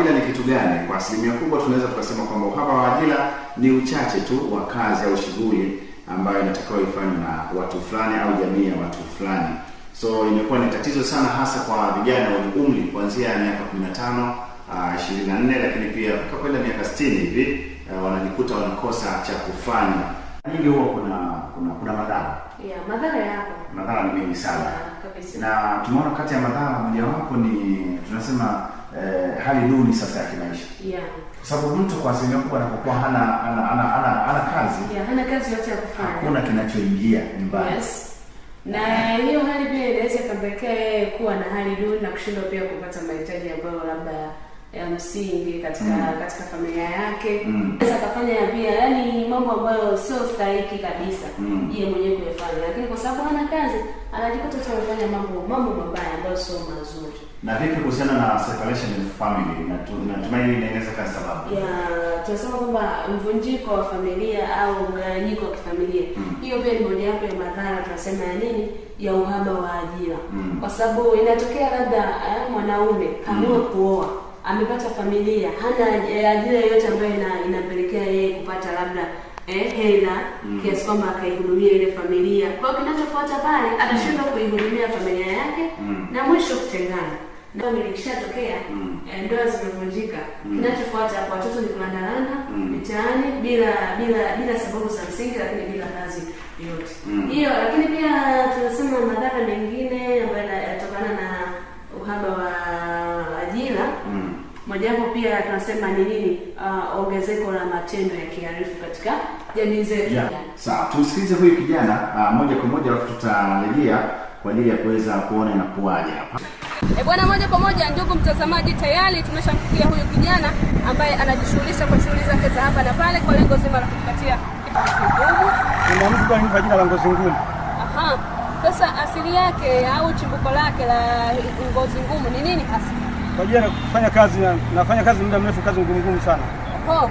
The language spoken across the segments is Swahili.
ajira ni kitu gani? Kwa asilimia kubwa tunaweza tukasema kwamba uhaba wa ajira ni uchache tu wa kazi au shughuli ambayo inatakiwa ifanywe na watu fulani au jamii ya watu fulani. So imekuwa ni tatizo sana, hasa kwa vijana wenye umri kuanzia miaka 15 uh, 24 lakini pia mpaka kwenda miaka 60 hivi uh, wanajikuta wanakosa cha kufanya. Nyingi huwa kuna kuna kuna madhara yeah, madhara yapo, madhara ni mengi sana yeah, na tumeona kati ya madhara mojawapo ni tunasema eh, hali duni sasa ya kimaisha yeah. Kwa sababu mtu kwa asilimia kubwa anapokuwa hana hana, hana, hana, kazi yeah, hana kazi yote ya kufanya, hakuna kinachoingia nyumbani yes. Na hiyo hali pia inaweza ikapelekea yeye kuwa na hali duni na kushindwa pia kupata mahitaji ambayo labda ya msingi katika mm. katika familia yake mm. sasa akafanya pia, yani mambo ambayo sio stahiki kabisa iye mm. mwenyewe kuyafanya, lakini kwa sababu ana kazi anajikuta tu amefanya mambo mambo mabaya ambayo sio mazuri. Na vipi kuhusiana na separation of family? Natumai inaeleza kazi sababu ya tunasema kwamba mvunjiko wa familia au mgawanyiko wa kifamilia mm. hiyo mm. pia ni mojawapo ya madhara tunasema ya nini ya uhaba wa ajira mm. kwa sababu inatokea labda eh, mwanaume kamua mm. kuoa amepata familia, hana eh, ajira yoyote ambayo ina, inapelekea yeye kupata labda eh, hela mm. kiasi kwamba akaihudumia ile familia. Kwa kinachofuata pale atashindwa kuihudumia familia yake mm. na mwisho kutengana nikishatokea ilikishatokea mm. Eh, ndoa zimevunjika mm. kinachofuata watoto ni kulandalanda mm. mitaani mm. bila bila bila sababu za msingi, lakini bila kazi yoyote mm. hiyo mm. lakini pia tunasema madhara mengine ambayo yanatokana na uhaba Mojawapo pia tunasema ni nini, uh, ongezeko la matendo ya kihalifu katika jamii zetu. Yeah. Sawa, tumsikilize huyu kijana uh, moja kwa moja alafu tutarejea kwa ajili ya kuweza kuona inakuwaje hapa. E bwana, moja kwa moja, ndugu mtazamaji, tayari tumeshamfikia huyu kijana ambaye anajishughulisha kwa shughuli zake za hapa na pale kwa lengo zima la kujipatia kipato. Jina la Ngozi Ngumu. Aha, sasa asili yake au chimbuko lake la Ngozi Ngumu ni nini hasa? kwa ajili ya kufanya kazi, nafanya kazi muda mrefu, kazi ngumu ngumu sana. Oh,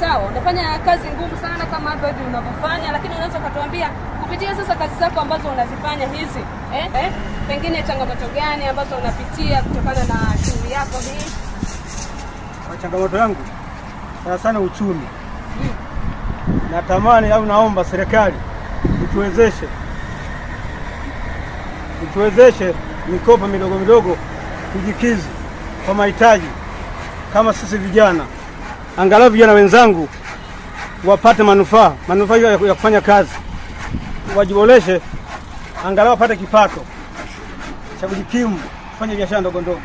sawa, unafanya kazi ngumu sana kama hapo hivi unavyofanya, lakini unaweza ukatuambia kupitia sasa kazi zako ambazo unazifanya hizi eh? Eh? pengine changamoto gani ambazo unapitia kutokana na shughuli yako hii? Changamoto yangu sana sana uchumi hmm. Natamani au naomba serikali ituwezeshe ituwezeshe mikopo midogo midogo kujikizi kwa mahitaji kama sisi vijana, angalau vijana wenzangu wapate manufaa manufaa ya, ya kufanya kazi, wajiboreshe, angalau wapate kipato cha kujikimu kufanya biashara ndogo ndogo.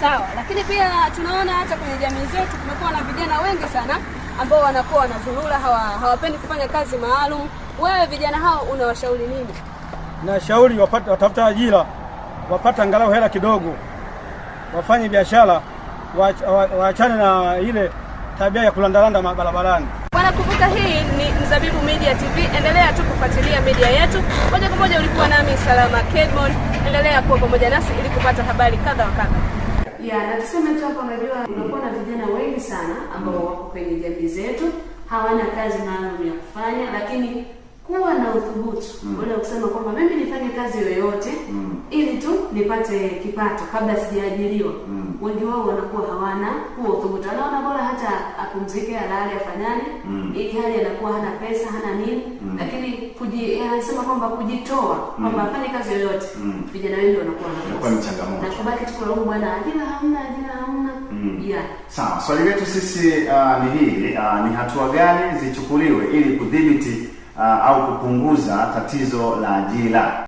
Sawa, lakini pia tunaona hata kwenye jamii zetu kumekuwa na vijana wengi sana ambao wanakuwa wanazurura, hawa hawapendi kufanya kazi maalum. Wewe vijana hao unawashauri nini? Nashauri wapate, watafute ajira, wapate angalau hela kidogo wafanye biashara, waachane na ile tabia ya kulandalanda barabarani. Wanakumbuka, hii ni Mzabibu Media TV, endelea tu kufuatilia media yetu. Moja kwa moja ulikuwa nami Salama Kedmon, endelea kuwa pamoja nasi ili kupata habari kadha wa kadha. Ya, na tuseme tu hapa, unajua unakuwa na vijana wengi sana ambao wako kwenye jamii zetu hawana kazi maalum ya kufanya, lakini kuwa na uthubutu mm. ule kusema kwamba mimi nifanye kazi yoyote mm. ili tu nipate kipato kabla sijaajiriwa. mm. Wengi wao wanakuwa hawana huo uthubutu, anaona bora hata apumzike, alale, afanyani mm. ili hali anakuwa hana pesa hana nini mm. lakini kuji, anasema kwamba kujitoa mm. kwamba mm. afanye kazi yoyote mm. vijana mm. wengi wanakuwa hawana na kubaki tu kulaumu, bwana ajira hamna, ajira hamna. mm. Sawa, swali letu sisi uh, ni hili uh, ni hatua gani zichukuliwe ili kudhibiti uh, au kupunguza tatizo la ajira.